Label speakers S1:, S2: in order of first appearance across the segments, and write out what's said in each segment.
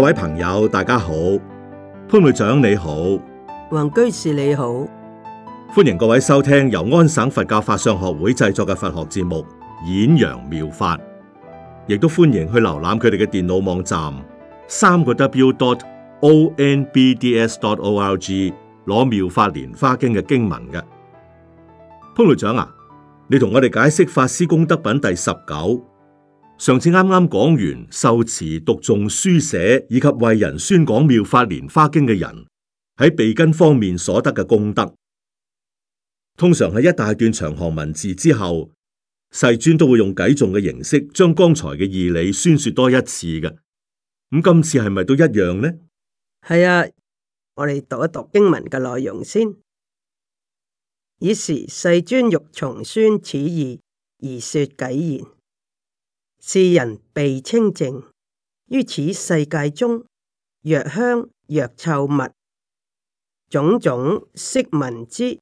S1: 各位朋友，大家好，潘會長你好，黃居士你好，歡迎各位收聽由安省佛教法相學會製作嘅佛學節目《演揚妙法》，亦都歡迎去瀏覽佢哋嘅電腦網站三個 w dot o n b d s dot o r g 攞妙法蓮花經嘅經文嘅。潘會長啊，你同我哋解釋法師功德品第十九。上次啱啱講完受持讀誦書寫以及為人宣講妙法蓮花經嘅人喺鼻根方面所得嘅功德，通常係一大段長行文字之後，世尊都會用偈頌嘅形式將剛才嘅義理宣說多一次嘅。咁、嗯、今次係咪都一樣呢？係
S2: 啊，我哋讀一讀經文嘅內容先。爾時世尊欲重宣此義而說偈言。.是人鼻清淨，於此世界中，若香若臭物，種種色聞之，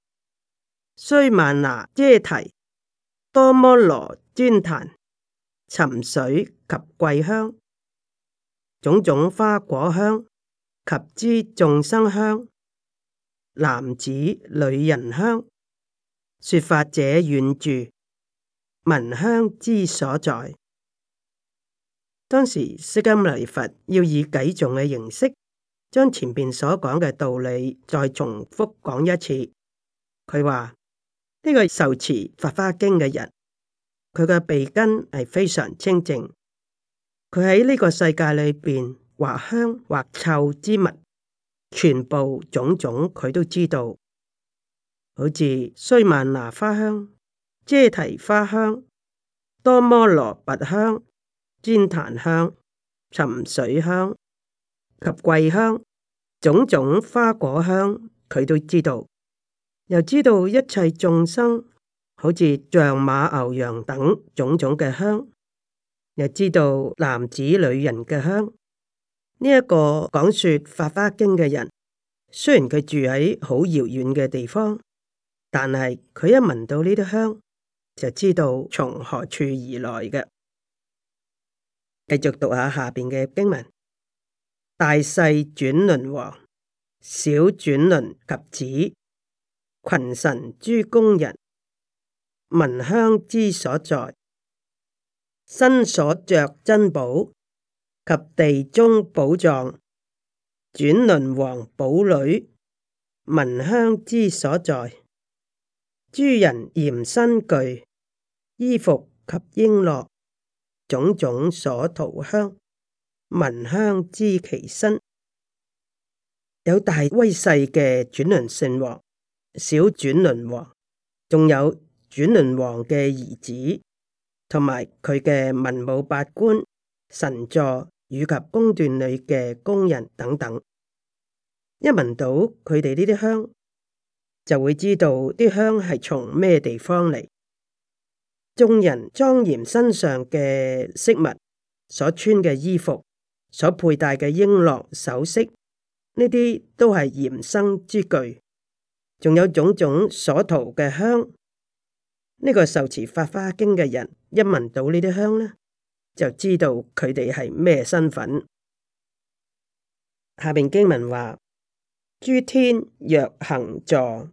S2: 須曼那遮提多摩羅栴檀沉水及桂香，種種花果香及諸眾生香，男子女人香，說法者遠住聞香之所在。當時釋迦牟尼佛要以偈頌嘅形式，將前邊所講嘅道理再重複講一次。佢話呢個受持《法華經》嘅人，佢嘅鼻根係非常清淨，佢喺呢個世界裏邊，或香或臭之物，全部種種佢都知道。好似須曼拿花香、遮提花香、多摩羅拔香。栴檀香、沉水香及桂香，種種花果香，佢都知道，又知道一切眾生，好似象馬牛羊等種種嘅香，又知道男子女人嘅香。呢、這、一個講說法華經嘅人，雖然佢住喺好遙遠嘅地方，但係佢一聞到呢啲香，就知道從何處而來嘅。繼續讀下下邊嘅經文：大勢轉輪王，小轉輪及子，群臣諸宮人，聞香知所在，身所着珍寶及地中寶藏，轉輪王寶女，聞香知所在，諸人嚴身具衣服及瓔珞。種種所塗香，聞香知其身。有大威勢嘅轉輪聖王、小轉輪王，仲有轉輪王嘅兒子，同埋佢嘅文武百官、神座以及宮殿裏嘅工人等等。一聞到佢哋呢啲香，就會知道啲香係從咩地方嚟。眾人莊嚴身上嘅飾物、所穿嘅衣服、所佩戴嘅瓔珞首飾，呢啲都係嚴身之具。仲有種種所塗嘅香，呢個受持法華經嘅人一聞到呢啲香呢，就知道佢哋係咩身份。下邊經文話：諸天若行坐，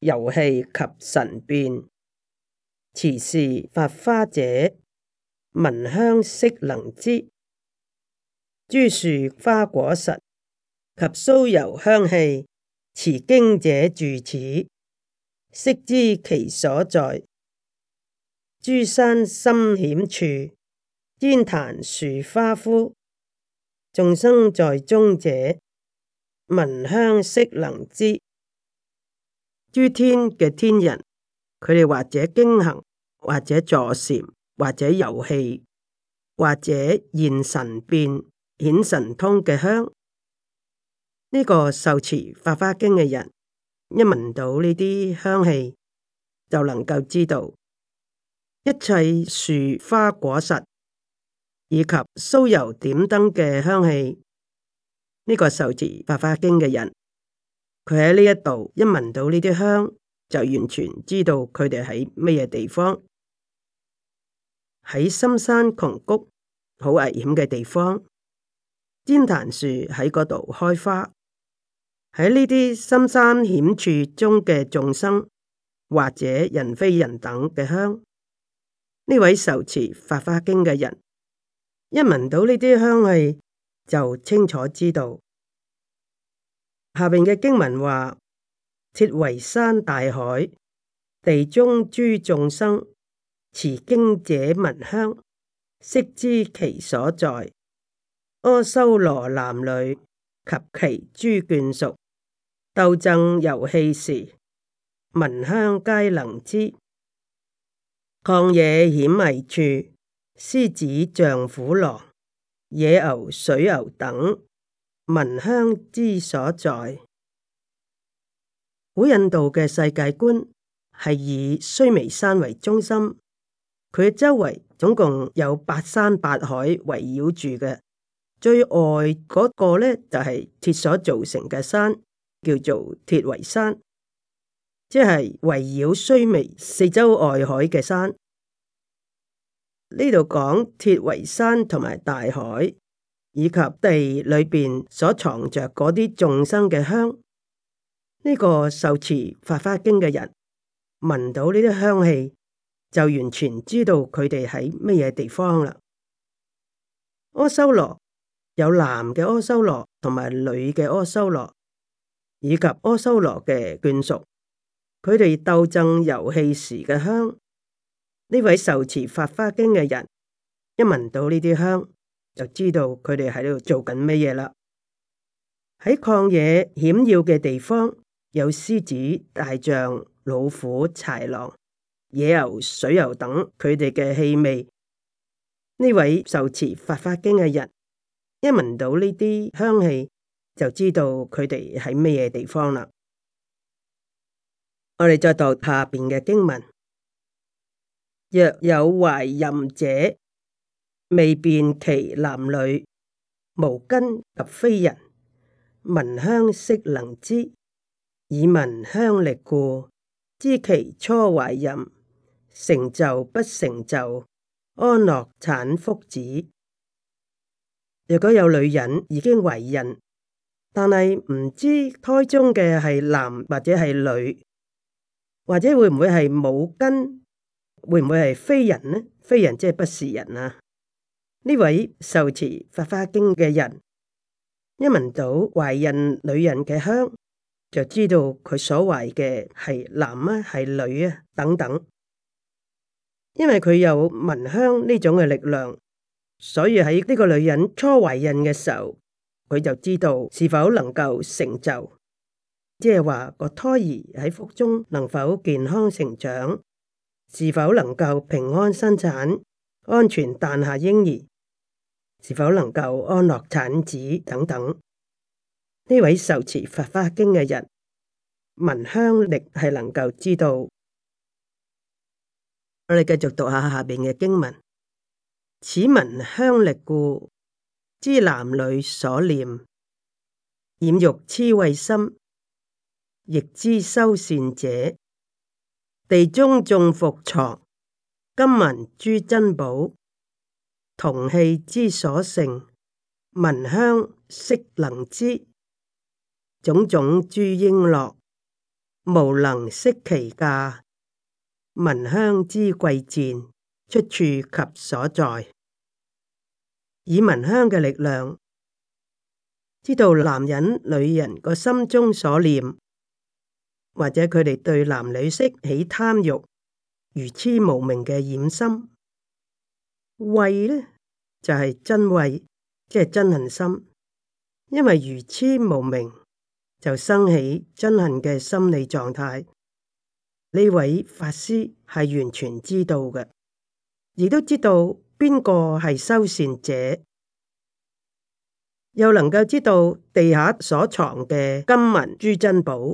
S2: 遊戲及神變。持是法華者，聞香悉能知，諸樹花果實及酥油香氣，持經者住此，悉知其所在。諸山深險處，栴檀樹花敷，眾生在中者，聞香悉能知，諸天嘅天人。佢哋或者經行，或者坐禪，或者遊戲，或者現神變、顯神通嘅香。呢、這個受持《法華經》嘅人，一聞到呢啲香氣，就能夠知道一切樹花果實以及酥油點燈嘅香氣。呢、這個受持《法華經》嘅人，佢喺呢一度一聞到呢啲香。就完全知道佢哋喺乜嘢地方，喺深山窮谷、好危險嘅地方，旃檀樹喺嗰度開花，喺呢啲深山險處中嘅眾生或者人非人等嘅香，呢位受持法花經嘅人，一聞到呢啲香氣就清楚知道。下邊嘅經文話。鐵圍山大海，地中諸眾生，持經者聞香，識知其所在。阿修羅男女及其諸眷屬，鬥爭遊戲時，聞香皆能知。曠野險迷處，獅子、象、虎、狼、野牛、水牛等，聞香之所在。古印度嘅世界觀係以須彌山為中心，佢周圍總共有八山八海圍繞住嘅，最外嗰個咧就係、是、鐵所造成嘅山，叫做鐵圍山，即係圍繞須彌四周外海嘅山。呢度講鐵圍山同埋大海，以及地裏邊所藏着嗰啲眾生嘅香。呢個受持法華經嘅人聞到呢啲香氣，就完全知道佢哋喺乜嘢地方啦。阿修羅，有男嘅阿修羅同埋女嘅阿修羅，以及阿修羅嘅眷屬，佢哋鬥爭遊戲時嘅香。呢位受持法華經嘅人一聞到呢啲香，就知道佢哋喺度做緊乜嘢啦。喺曠野險要嘅地方。有獅子、大象、老虎、豺狼、野牛、水牛等，佢哋嘅氣味。呢位受持法華經嘅人，一聞到呢啲香氣，就知道佢哋喺咩嘢地方啦。我哋再讀下邊嘅經文：若有懷妊者，未辨其男女，無根及非人，聞香悉能知。以聞香力故，知其初懷孕，成就不成就，安樂產福子。若果有女人已經懷孕，但係唔知胎中嘅係男或者係女，或者會唔會係冇根？會唔會係非人呢？非人即係不是人啊！呢位受持法華經嘅人，一聞到懷孕女人嘅香。就知道佢所懷嘅係男啊，係女啊，等等。因為佢有聞香呢種嘅力量，所以喺呢個女人初懷孕嘅時候，佢就知道是否能夠成就，即係話個胎兒喺腹中能否健康成長，是否能夠平安生產、安全誕下嬰兒，是否能夠安樂產子等等。呢位受持《法華經》嘅人聞香力係能夠知道，我哋繼續讀下下邊嘅經文。此聞香力故，知男女所念染欲痴恚心，亦知修善者地中眾伏藏，金銀諸珍寶，銅器之所盛，聞香悉能知。種種諸瓔珞，無能識其價。聞香知貴賤，出處及所在。以聞香嘅力量，知道男人、女人個心中所念，或者佢哋對男女色起貪欲、愚痴無明嘅染心。慧呢就係、是、真慧，即係真恨心，因為愚痴無明。就生起憎恨嘅心理狀態，呢位法師係完全知道嘅，亦都知道邊個係修善者，又能夠知道地下所藏嘅金銀珠珍寶，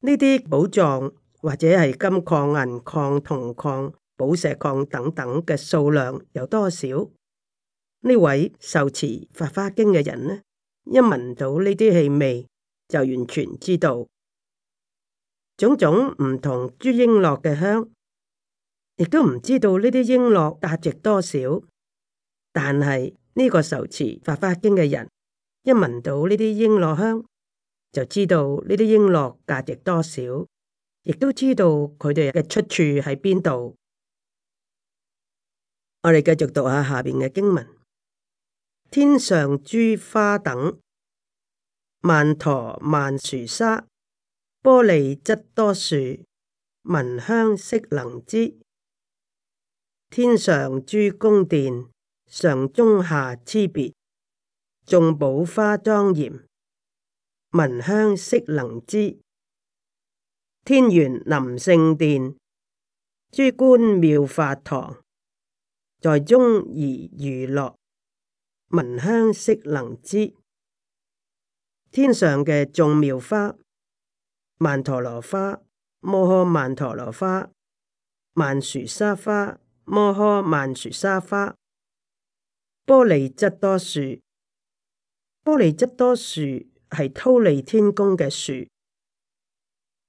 S2: 呢啲寶藏或者係金礦、銀礦、銅礦、寶石礦等等嘅數量有多少？呢位受持《法華經》嘅人呢？一聞到呢啲氣味，就完全知道種種唔同珠瓔珞嘅香，亦都唔知道呢啲瓔珞價值多少。但係呢個受持法華經嘅人，一聞到呢啲瓔珞香，就知道呢啲瓔珞價值多少，亦都知道佢哋嘅出處喺邊度。我哋繼續讀下下邊嘅經文。天上珠花等，曼陀曼殊沙，玻璃質多樹，聞香悉能知。天上珠宮殿，上中下之別，眾寶花莊嚴，聞香悉能知。天元林勝殿，珠觀妙法堂，在中而娛樂。聞香識能知，天上嘅眾妙花，曼陀羅花，摩訶曼陀羅花，曼殊沙花，摩訶曼殊沙花，波利質多樹，波利質多樹係偷利天宮嘅樹，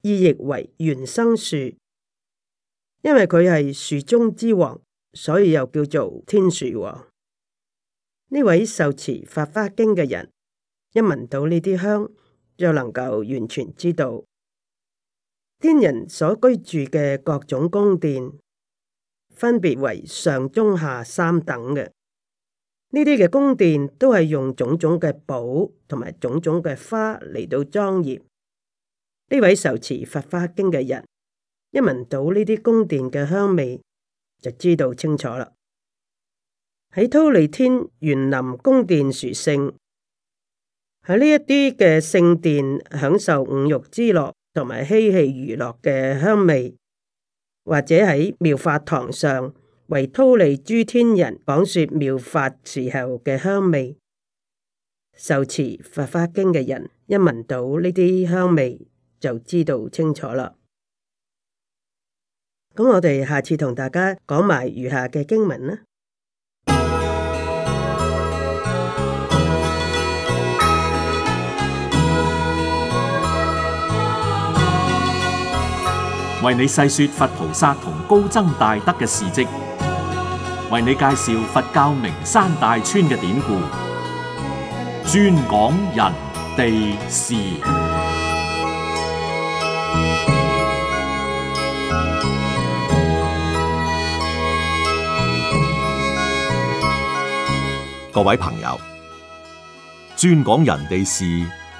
S2: 意譯為原生樹，因為佢係樹中之王，所以又叫做天樹王。呢位受持《法華經》嘅人，一聞到呢啲香，就能夠完全知道天人所居住嘅各種宮殿，分別為上、中、下三等嘅。呢啲嘅宮殿都係用種種嘅寶同埋種種嘅花嚟到莊嚴。呢位受持《法華經》嘅人，一聞到呢啲宮殿嘅香味，就知道清楚啦。喺忉利天園林宮殿，殊勝喺呢一啲嘅聖殿，享受五欲之樂同埋嬉戲娛樂嘅香味，或者喺妙法堂上為忉利諸天人講說妙法時候嘅香味，受持《法華經》嘅人一聞到呢啲香味，就知道清楚啦。咁我哋下次同大家講埋餘下嘅經文啦。
S1: 為你細說佛菩薩同高僧大德嘅事跡，為你介紹佛教名山大川嘅典故，專講人地事。各位朋友，專講人地事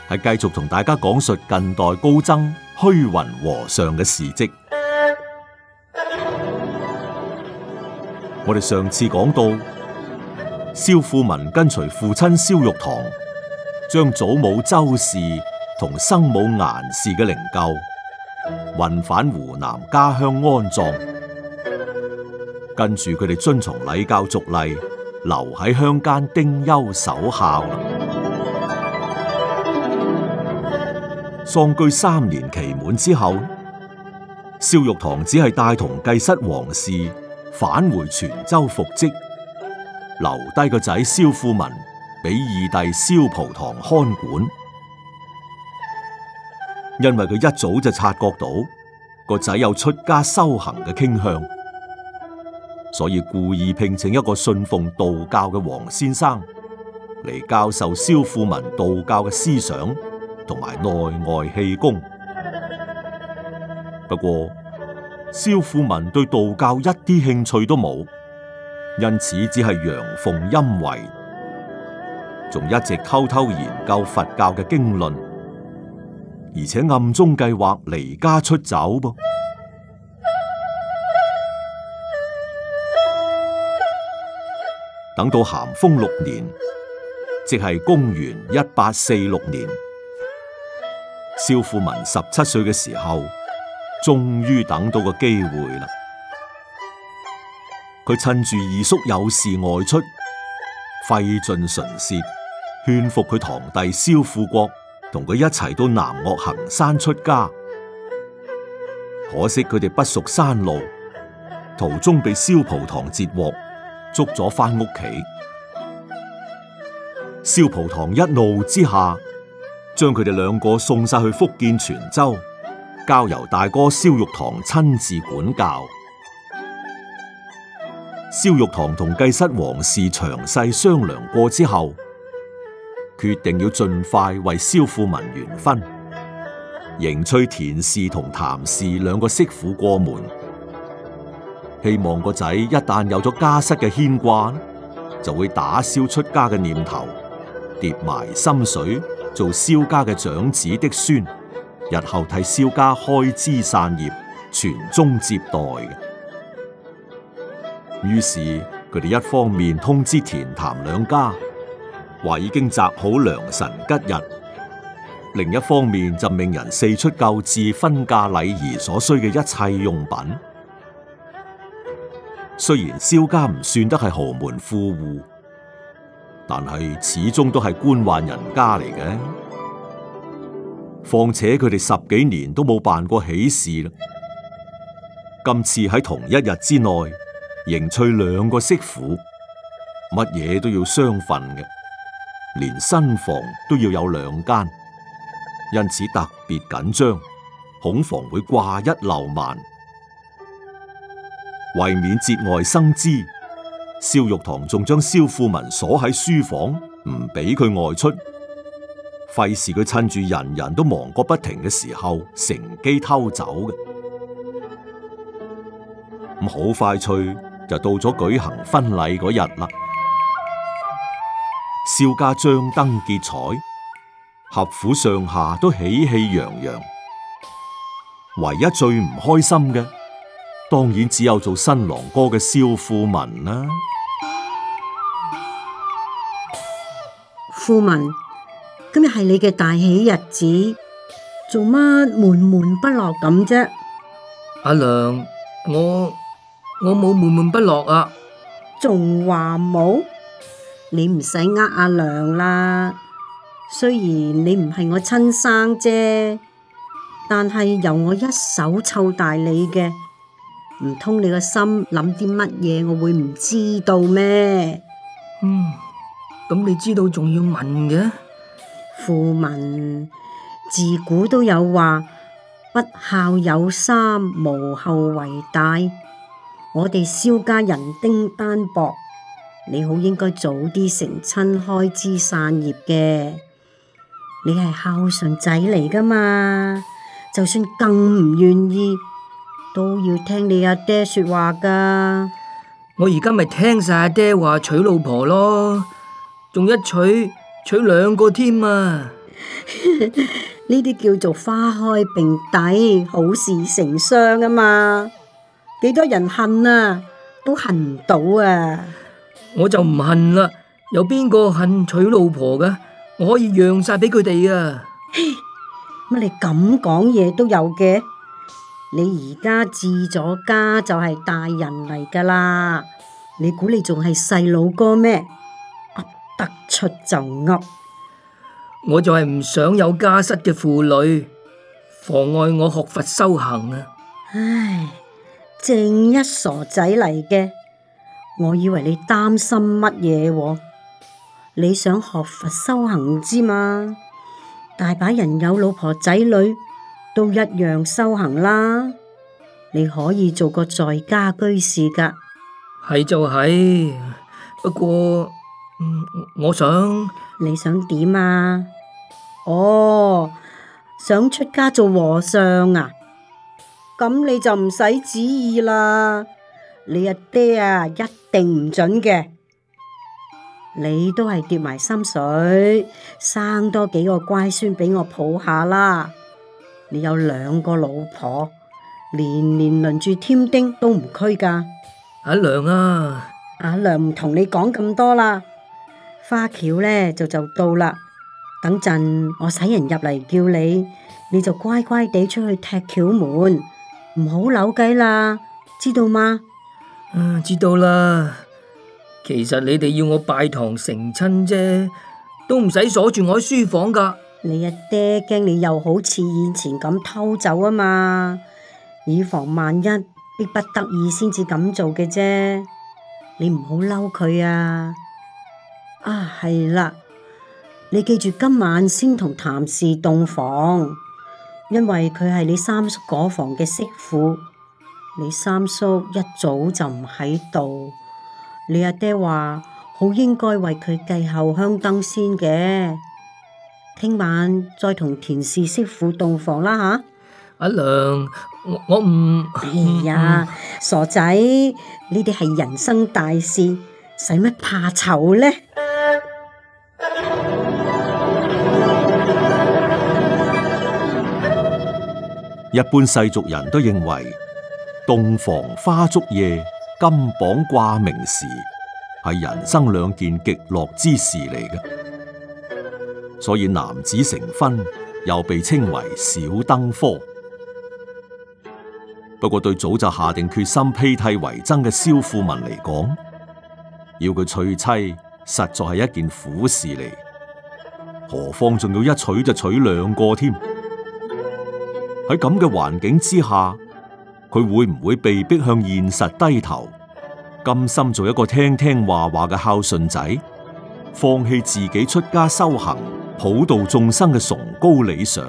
S1: 係繼續同大家講述近代高僧。虛雲和尚嘅事迹，我哋上次講到，蕭富民跟隨父親蕭玉堂，將祖母周氏同生母顏氏嘅靈柩運返湖南家鄉安葬，跟住佢哋遵從禮教俗例，留喺鄉間丁憂守孝。喪居三年期滿之後，蕭玉堂只係帶同繼室王氏返回泉州復職，留低個仔蕭富民俾二弟蕭蒲堂看管。因為佢一早就察覺到個仔有出家修行嘅傾向，所以故意聘請一個信奉道教嘅黃先生嚟教授蕭富民道教嘅思想。同埋內外氣功，不過蕭富民對道教一啲興趣都冇，因此只係陽奉陰違，仲一直偷偷研究佛教嘅經論，而且暗中計劃離家出走。噃等到咸豐六年，即係公元一八四六年。蕭富文十七歲嘅時候，終於等到個機會啦。佢趁住二叔有事外出，費盡唇舌勸服佢堂弟蕭富國同佢一齊到南岳衡山出家。可惜佢哋不熟山路，途中被蕭蒲堂截獲，捉咗返屋企。蕭蒲堂一怒之下。將佢哋兩個送晒去福建泉州，交由大哥蕭玉堂親自管教。蕭玉堂同繼室王氏詳細商量過之後，決定要盡快為蕭富民完婚，迎娶田氏同譚氏兩個媳婦過門，希望個仔一旦有咗家室嘅牽掛，就會打消出家嘅念頭，疊埋心水。做蕭家嘅長子的孫，日後替蕭家開枝散葉、傳宗接代嘅。於是佢哋一方面通知田、譚兩家，話已經擇好良辰吉日；另一方面就命人四出購置婚嫁禮儀所需嘅一切用品。雖然蕭家唔算得係豪門富戶。但係始終都係官宦人家嚟嘅，況且佢哋十幾年都冇辦過喜事啦。今次喺同一日之內迎娶兩個媳婦，乜嘢都要雙份嘅，連新房都要有兩間，因此特別緊張，恐防會掛一漏萬，為免節外生枝。肖玉堂仲將肖富文鎖喺書房，唔俾佢外出，費事佢趁住人人都忙個不停嘅時候，乘機偷走嘅。咁好快脆就到咗舉行婚禮嗰日啦。肖家張燈結彩，合府上下都喜氣洋洋，唯一最唔開心嘅，當然只有做新郎哥嘅蕭富民啦，
S3: 啊。富民，今日係你嘅大喜日子，做乜悶悶不樂咁啫？阿娘，我我冇悶悶不樂啊。仲話冇？你唔使呃阿娘啦。雖然你唔係我親生啫，但係由我一手湊大你嘅。唔通，你個心諗啲乜嘢？我會唔知道咩？嗯，咁你知道仲要問嘅？富民，自古都有話，不孝有三，無後為大。我哋蕭家人丁單薄，你好應該早啲成親，開枝散葉嘅。你係孝順仔嚟噶嘛？就算更唔願意。都要聽你阿爹，爹說話噶，
S2: 我而家咪聽晒阿爹話娶老婆咯，仲一娶娶兩個添啊！
S3: 呢啲 叫做花開並蒂，好事成雙啊嘛！幾多人恨啊，都恨唔到啊！我就唔恨啦，有邊個恨娶老婆噶？我可以讓晒俾佢哋啊！乜 你咁講嘢都有嘅？你而家置咗家就係大人嚟噶啦，你估你仲係細佬哥咩？呃得出就呃。我就係唔想有家室嘅婦女妨礙我學佛修行啊！唉，正一傻仔嚟嘅，我以為你擔心乜嘢喎？你想學佛修行之嘛？大把人有老婆仔女。都一樣修行啦，你可以做個在家居士噶，係就係、是。不過，我，我想你想點啊？哦，想出家做和尚啊？咁你就唔使旨意啦，你阿爹啊一定唔准嘅。你都係跌埋心水，生多幾個乖孫俾我抱下啦。你有兩個老婆，年年輪住添丁都唔拘噶。阿娘啊，阿娘唔同你講咁多啦。花轎咧就就到啦，等陣我使人入嚟叫你，你就乖乖地出去踢轎門，唔好扭計啦，知道嗎？嗯、啊，知道啦。其實你哋要我拜堂成親啫，都唔使鎖住我喺書房噶。你阿爹驚你又好似以前咁偷走啊嘛，以防萬一，逼不得已先至咁做嘅啫。你唔好嬲佢啊！啊，係啦，你記住今晚先同譚氏洞房，因為佢係你三叔嗰房嘅媳婦。你三叔一早就唔喺度，你阿爹話好應該為佢繼後香燈先嘅。聽晚再同田氏媳婦洞房啦吓！阿娘，我唔，哎呀，傻仔，呢啲係人生大事，使乜怕醜呢？
S1: 一般世俗人都認為，洞房花燭夜、金榜掛名時，係人生兩件極樂之事嚟嘅。所以男子成婚，又被稱為小登科。不過對早就下定決心披剃為僧嘅蕭富民嚟講，要佢娶妻，實在係一件苦事嚟。何況仲要一娶就娶兩個添。喺咁嘅環境之下，佢會唔會被逼向現實低頭，甘心做一個聽聽話話嘅孝順仔，放棄自己出家修行？普度眾生嘅崇高理想，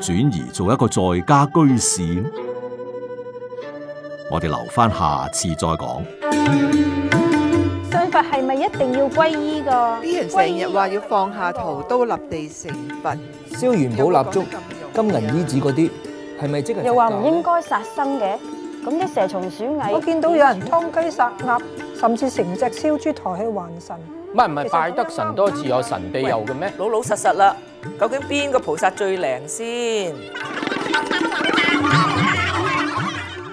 S1: 轉移做一個在家居士，我哋留翻下，下次再講。
S3: 信佛係咪一定要皈依噶？啲人成日話要放下屠刀，立地成
S1: 佛，燒元寶蠟燭、有有金銀衣紙嗰啲，係咪即係？又話唔
S3: 應該殺生嘅，咁啲蛇蟲鼠蟻，我見到有人殺雞殺鴨，甚至成隻燒豬抬去還神。
S1: 唔係唔係，拜得神多自有神庇佑嘅咩？老老實實啦，究竟邊個菩薩最靈先？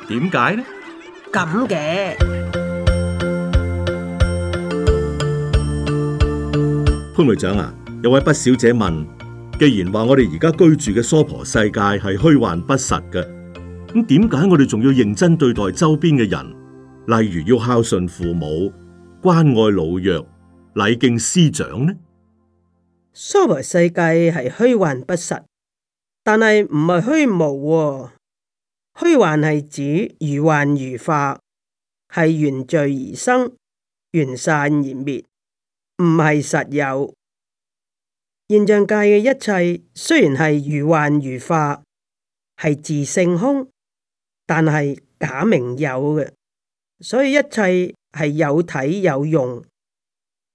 S1: 點解呢？
S3: 咁嘅
S1: 潘會長啊，有位畢小姐問：既然話我哋而家居住嘅娑婆世界係虛幻不實嘅，咁點解我哋仲要認真對待周邊嘅人？例如要孝順父母，關愛老弱。禮敬師長呢？
S2: 娑婆世界係虛幻不實，但係唔係虛無喎。虛幻係指如幻如化，係緣聚而生，緣散而滅，唔係實有。現象界嘅一切雖然係如幻如化，係自性空，但係假名有嘅，所以一切係有體有用。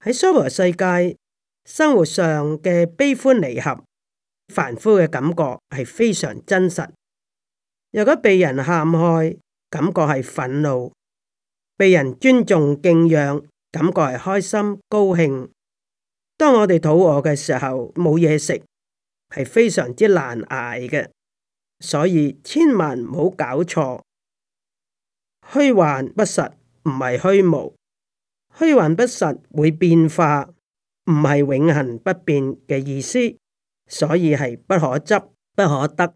S2: 喺娑婆世界生活上嘅悲歡離合，凡夫嘅感覺係非常真實。如果被人陷害，感覺係憤怒；被人尊重敬仰，感覺係開心高興。當我哋肚餓嘅時候，冇嘢食係非常之難捱嘅，所以千萬唔好搞錯，虛幻不實唔係虛無。虛幻不實會變化，唔係永恆不變嘅意思，所以係不可執不可得。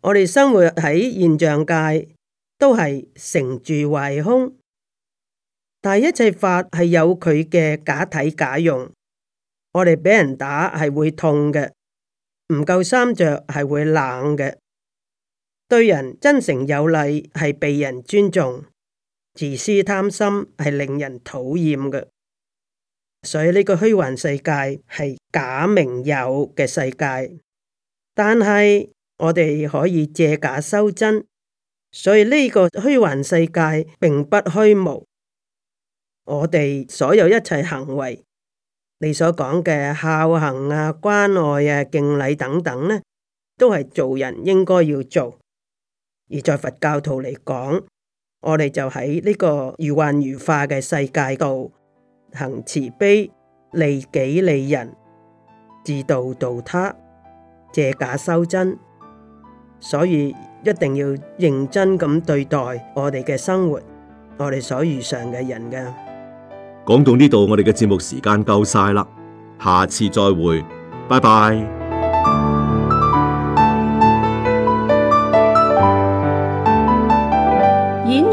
S2: 我哋生活喺現象界，都係成住壞空。但係一切法係有佢嘅假體假用。我哋畀人打係會痛嘅，唔夠衫着係會冷嘅。對人真誠有禮係被人尊重。自私貪心係令人討厭嘅，所以呢個虛幻世界係假名有嘅世界。但係我哋可以借假修真，所以呢個虛幻世界並不虛無。我哋所有一切行為，你所講嘅孝行啊、關愛啊、敬禮等等呢，都係做人應該要做。而在佛教徒嚟講，我哋就喺呢個如幻如化嘅世界度行慈悲、利己利人、自度度他、借假修真，所以一定要認真咁對待我哋嘅生活，我哋所遇上嘅人嘅。
S1: 講到呢度，我哋嘅節目時間夠晒啦，下次再會，拜拜。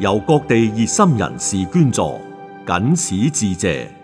S1: 由各地熱心人士捐助，謹此致謝。